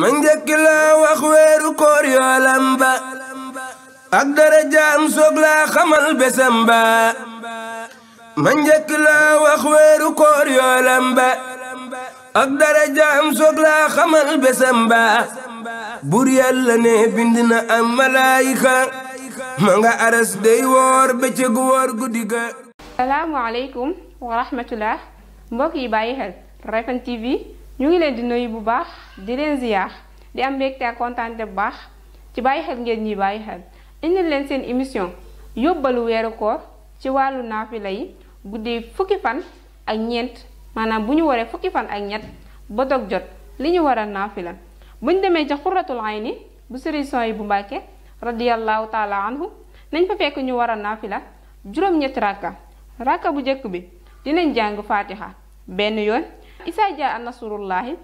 ma njëkk laa wax weeru koor yoolam ba ak darajaam soog laa xamal besam bur yàlla ne bind na am malaayika ma aras day woor bëccëgu woor guddi salaamu aleykum wa rahmatullah yi bàyyi xel Refane TV ñu ngi leen di nuyu bu baax di leen ziyaar di am mbégte ak kontaante bu baax ci bàyyi xel ngeen ñi bàyyi xel indi leen seen émission yóbbalu weeru koor ci wàllu naafila yi bu dee fukki fan ak ñeent maanaam bu ñu waree fukki fan ak ñett ba dog jot li ñu war a naafila bu ñu demee ca xuratul ayni bu sëriñ yi bu mbàkke radiyallahu taala anhu nañ fa fekk ñu war a naafila juróom-ñetti ràkka ràkka bu njëkk bi dinañ jàng faatiha benn yoon isaa jaa a nasurullaahi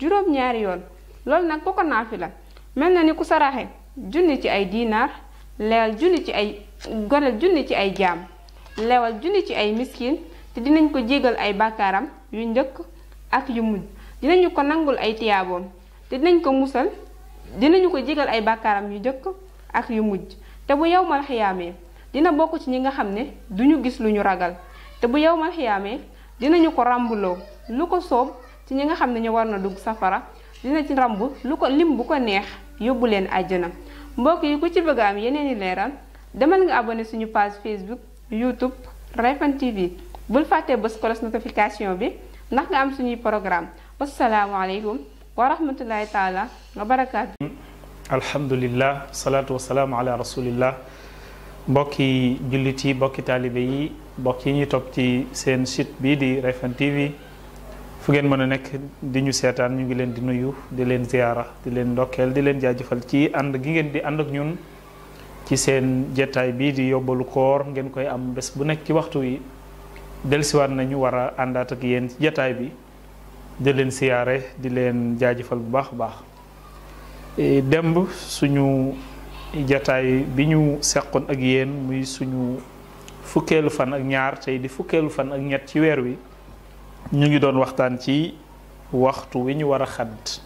juróom-ñaari yoon loolu nag ku ko la mel na ni ku saraxe junni ci ay diinaar leewal junni ci ay gone junni ci ay jaam leewal junni ci ay miskin te dinañ ko jégal ay bàkkaaram yu njëkk ak yu mujj dinañu ko nangul ay tiyaaboom te dinañ ko musal dinañu ko jégal ay bàkkaaram yu njëkk ak yu mujj te bu yowmal xiyaamee dina bokk ci ñi nga xam ne duñu gis lu ñu ragal te bu yowmal xiyaamee dinañu ko ràmbuloo lu ko soob ci ñi nga xam ne ñu war na dugg safara dina ci ramb lu ko lim bu ko neex yóbbu leen àjjana mbokk yi ku ci bëgg am yeneen i leeral demal nga abonné suñu page facebook youtube refan tv bul fàtte bës kolos notification bi ndax nga am suñuy programme wasalaamualeykum wa rahmatullahi taala wa barakaatu alhamdulillah salatu wasalaamu ala rasulillah mbokk yi julliti mbokki taalibe yi mbokk yi ñuy top ci seen site bi di refan tv fu gene mën nek di ñu sétan ñu ngi leen di nuyu di leen ziyara di leen ndokkeel di leen jaajëfal ci and gi ngeen di and ak ñun ci seen jetaay bi di yóbbalu koor ngeen koy am bes bu nek ci waxtu wi waat nañu wara andat ak yeen ci bi di leen siyaare di leen jaajëfal bu baax baax e, demb suñu jataay bi ñu sekkon ak yeen muy suñu fukkelu fan ak ñaar tay di fukkelu fan ak ñet ci wër wi ñu ngi doon waxtaan ci waxtu wi ñu war a xadd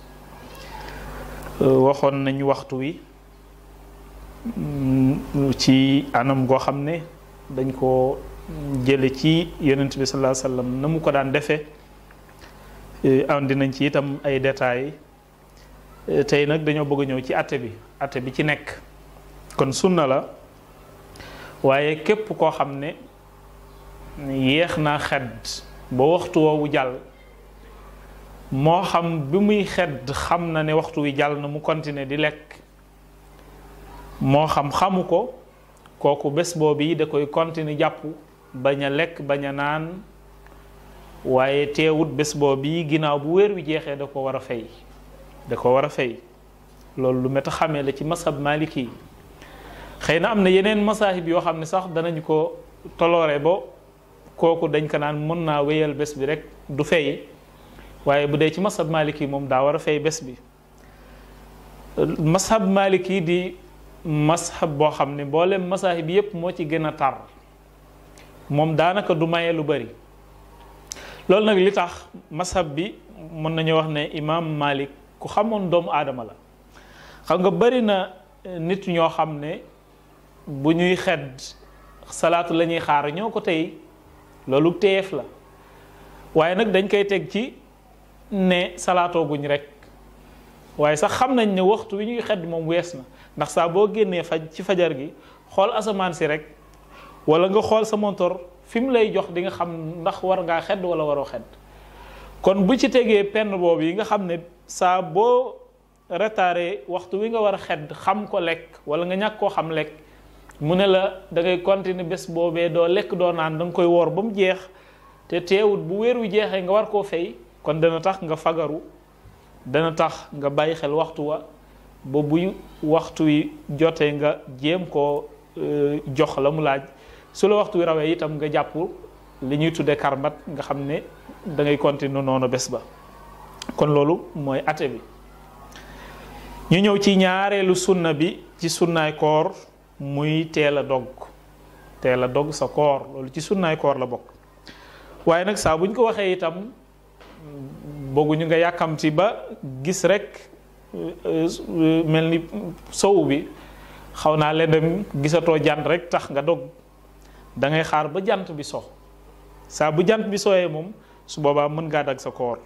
waxoon nañu waxtu wi mm, ci anam goo xam ne dañ ko jële ci yonent bi sallallahu alayhi na mu ko daan defee eh, andi nañ ci itam ay détails eh, tey nag dañoo bëgg ñëw ci àtte bi àtte bi ci nekk kon sunna la waaye képp koo xam ne yéex naa xadd ba waxtu woowu jàll moo xam bi muy xedd xam na ne waxtu wi jàll na mu continuer di lekk moo xam xamu ko kooku bés boobu yi da koy continuer jàpp bañ a lekk bañ a naan waaye teewut bés boobu yi ginnaaw bu wéer wi jeexee da ko war a fay da ko war a fay loolu lu métti xamee la ci masab maliki yi xëy na am na yeneen masaahib yoo xam ne sax danañ ko toloore bo kooku dañ ko naan mën naa wéyal bés bi rek du fay waaye bu dee ci masab malik yi moom daa war a fay bés bi masab malik yi di mashab boo xam ne mboolem masaahib yépp moo ci gën a tar moom daanaka du maye lu bari loolu nag li tax mashab bi mën nañu wax ne imaam malik ku xamoon doomu aadama la xam nga bari na eh, nit ñoo xam ne bu ñuy xedd salaatu la ñuy xaar ñoo ko tey lolou teef la waye nak dañ koy teg ci ne guñ rek waye sax xam nañ ne waxtu wi ñuy xedd mom wess na ndax sa bo génnee faj ci fajar gi xol asaman si rek wala nga xol sa montor fim lay jox di nga xam ndax war nga xedd wala waro xedd kon bu ci tegee pen bobu yi nga xam ne sa bo retaré waxtu wi nga war xedd xam ko lek wala nga ñak ko xam lek mu ne la da ngay continuer bés boobee doo lekk doo naan da nga koy woor ba mu jeex te teewut bu weer wi jeexee nga war koo fay kon dana tax nga fagaru dana tax nga bàyyi xel waxtu wa ba buy waxtu wi jotee nga jéem koo euh, jox la mu laaj su la waxtu wi rawee itam nga jàpp li ñuy tuddee karmat nga xam ne da ngay continuer noonu bés ba kon loolu mooy ate bi ñu ñëw ci ñaareelu sunna bi ci sunnaay koor muy téla dog téla dog sa koor lolou ci sunnaay koor la bok waye nak sa buñ ko waxee itam ñu nga yàkkamti ba gis rek eh, melni sow bi xawna le dem gisato jant rek tax nga dog da ngay xaar ba jant bi so sa bu jant bi sooyee mom su boba mën nga dag sa koor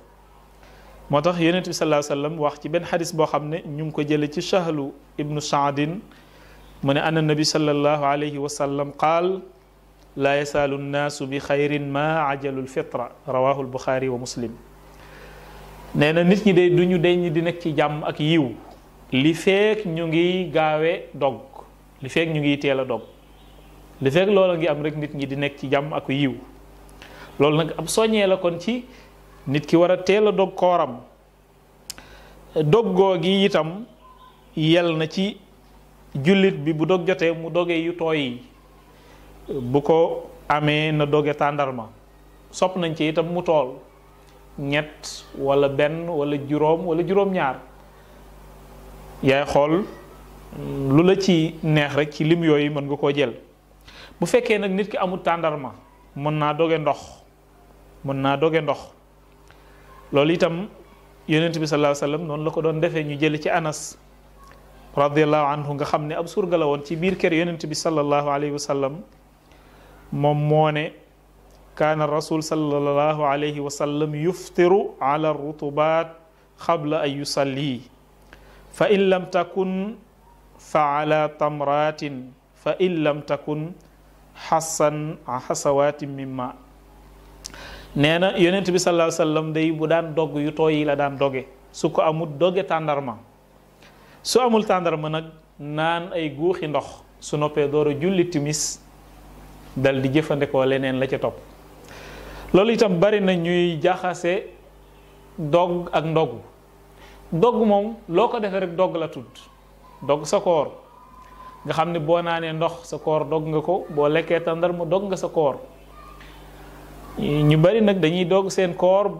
motax yenenbi sallallahu alayhi wasallam wax ci ben hadith bo xamne ko jël ci shahlu ibnu saadin mu ne anna nabi sallallahu alayhi wa sallam qaal laa yasaalu nnaasu bi xayrin ma ajalul fitra rawahu lbuxaari wa muslim nee na nit ñi de du ñu deñ di nekk ci jàmm ak yiw li feek ñu ngi gaawe dog li feek ñu ngi teel a dog li feek loola ngi am rek nit ñi di nekk ci jàmm ak yiw loolu nag ab soññee la kon ci nit ki war a teel a dog kooram doggoo gi itam yel na ci jullit bi bu dog jotee mu doge yu tooy bu ko amee na doge tàndarma sopp nañ ci itam mu tool ñett walla benn walla juróom wala juróom-ñaar yaay xool lu la ci neex rek ci lim yooyu mën nga koo jël bu fekkee nag nit ki amul tàndarma mën naa doge ndox mën naa doge ndox loolu itam yonent bi sallallahu alayhi wasallam noonu la ko doon defee ñu jël ci Anas radiallahu anhu nga xam ne ab surga la woon ci biir kër yonent bi sallallahu alayhi wa sallam moom moo ne kaana rasul sallallahu alayhi wa sallam yuftiru ala rutubat qabla an yusalli fa in lam takun fa ala tamratin fa in lam takun xasan xasawatin min ma nee na yonent bi sallallahu alayhi wa sallam day bu daan dogg yu tooy yi la daan doge su ko amut doge tàndarma su amul tandarma nag nan ay guuxi ndox su noppee door julli timis dal di jëfandikoo leneen la ca topp loolu itam bari na ñuy jaxase dog ak ndogu dogg moom loo ko defee rek dogg la tudd dogg sa koor nga xam ne boo naanee ndox sa koor dogg nga ko boo lekkee tandarma dogg nga sa koor ñu bari nag dañuy dogg seen koor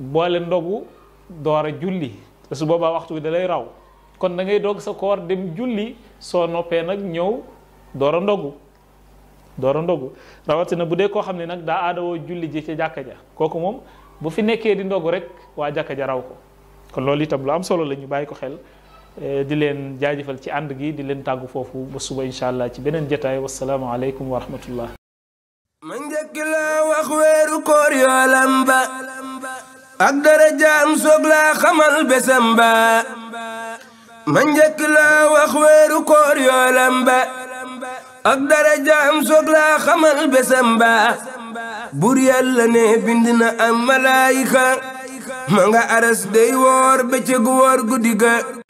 boole ndogu door a julli su boobaa waxtu bi da raw kon da ngay dog sa koor dem julli soo noppee nag ñëw door ndogu door ndogu rawatina bu dee koo xam ne nag daa aadawoo julli ji ca jàkka ja kooku moom bu fi nekkee di ndogu rek waa jàkka ja raw ko kon loolu itam lu am solo lañu bàyyi ko xel eh, di leen jaajëfal ci ànd gi di leen tàggu foofu ba suba incha allah ci beneen jotaay wasalaamu aleykum wa rahmatullah ma njëkk soog laa xamal besam ba ma njëkk wax weeru koor yoolam ba ak darajaam soog laa xamal besam bur yàlla ne bind na am malaayika ma aras day woor bëccëg woor guddi